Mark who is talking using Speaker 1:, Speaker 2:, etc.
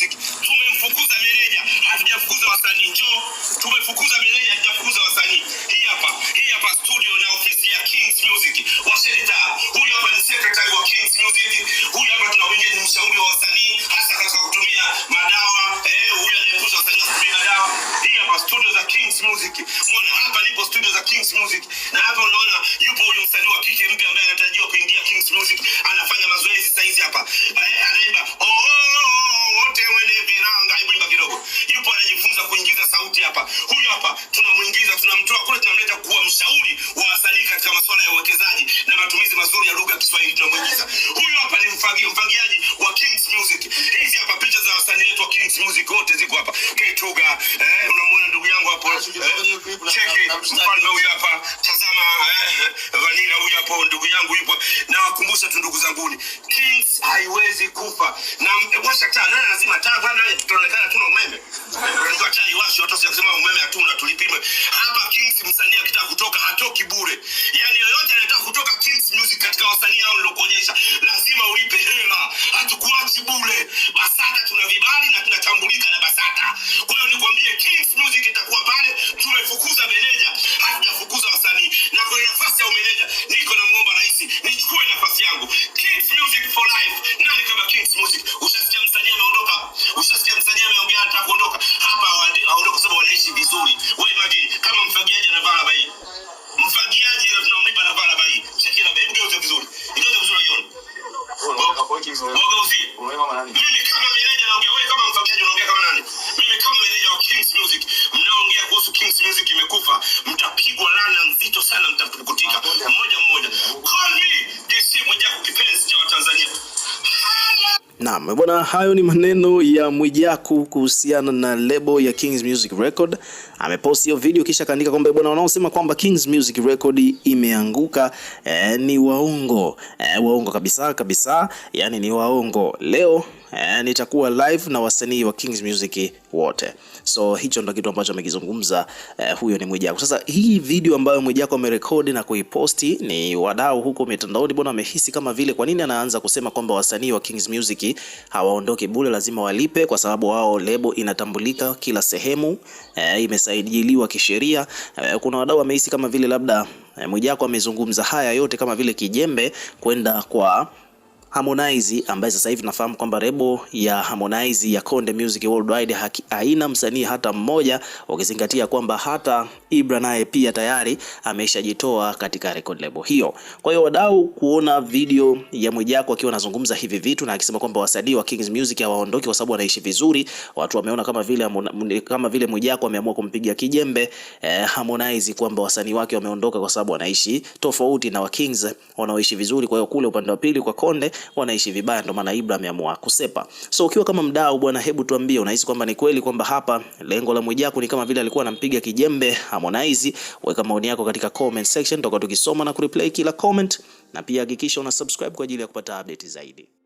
Speaker 1: music. Tumemfukuza meneja, hatujafukuza wasanii. Njoo, tumefukuza meneja, hatujafukuza wasanii. Hii hapa, hii hapa studio na ofisi ya Kings Music. washerita Huyu hapa ni secretary wa Kings Music. Huyu hapa tunamwingia ni mshauri wa wasanii hasa katika kutumia madawa. Eh, huyu anayefukuza wasanii kutumia madawa. Hii hapa studio za Kings Music. mbona hapa ndipo studio za Kings Music. Na hapa unaona yupo huyu msanii wa kike mpya ambaye anatarajiwa kuingia Kings Music. Anafanya mazoezi Kiswahili tunamwingiza huyu hapa. Ni mfagi, mfagiaji wa Kings Music. Hizi hapa picha za wasanii wetu wa Kings Music wote ziko hapa. Ketuga eh, unamwona ndugu yangu hapo ah, eh, cheki mfalme huyu hapa, tazama eh, Vanila huyu hapo, ndugu yangu yupo. Nawakumbusha tu ndugu zanguni, Kings haiwezi kufa na washa taa, nani lazima taa bwana, tutaonekana tuna umeme unajua taa iwashe, watu wasema umeme hatuna, tulipime hapa Kings. Msanii akitaka kutoka hatoki bure. She's. Go go see it. We're going to
Speaker 2: Naam, bwana, hayo ni maneno ya Mwijaku kuhusiana na lebo ya Kings Music Record. Ameposti hiyo video kisha kaandika kwamba bwana, wanaosema kwamba Kings Music Record imeanguka eh, ni waongo eh, waongo kabisa kabisa, yani ni waongo leo eh, nitakuwa live na wasanii wa Kings Music wote. So hicho ndo kitu ambacho amekizungumza eh, huyo ni Mwijaku. Sasa hii video ambayo Mwijaku amerekodi na kuiposti, ni wadau huko mitandaoni bwana amehisi kama vile kwa nini anaanza kusema kwamba wasanii wa Kings Music hawaondoki bure, lazima walipe, kwa sababu wao lebo inatambulika kila sehemu eh, imesajiliwa kisheria eh, kuna wadau wamehisi kama vile labda eh, Mwijaku amezungumza haya yote kama vile kijembe kwenda kwa Harmonize ambaye sasa hivi nafahamu kwamba lebo ya Harmonize ya Konde Music Worldwide haina msanii hata mmoja, ukizingatia kwamba hata Ibra naye pia tayari ameshajitoa katika record label hiyo. Kwa hiyo wadau kuona video ya Mwijaku akiwa anazungumza hivi vitu na akisema kwamba wasanii wa Kings Music hawaondoki kwa sababu wanaishi vizuri, watu wameona kama vile kama vile Mwijaku ameamua kumpiga kijembe eh, Harmonize kwamba wasanii wake wameondoka kwa sababu wanaishi tofauti na wa Kings wanaoishi vizuri. Kwa hiyo kule upande wa pili kwa Konde wanaishi vibaya, ndio maana Ibra ameamua kusepa. So ukiwa kama mdau bwana, hebu tuambie, unahisi kwamba ni kweli kwamba hapa lengo la Mwijaku ni kama vile alikuwa anampiga kijembe Harmonize? Weka maoni yako katika comment section, tutakuwa tukisoma na kureply kila comment, na pia hakikisha una subscribe kwa ajili ya kupata update zaidi.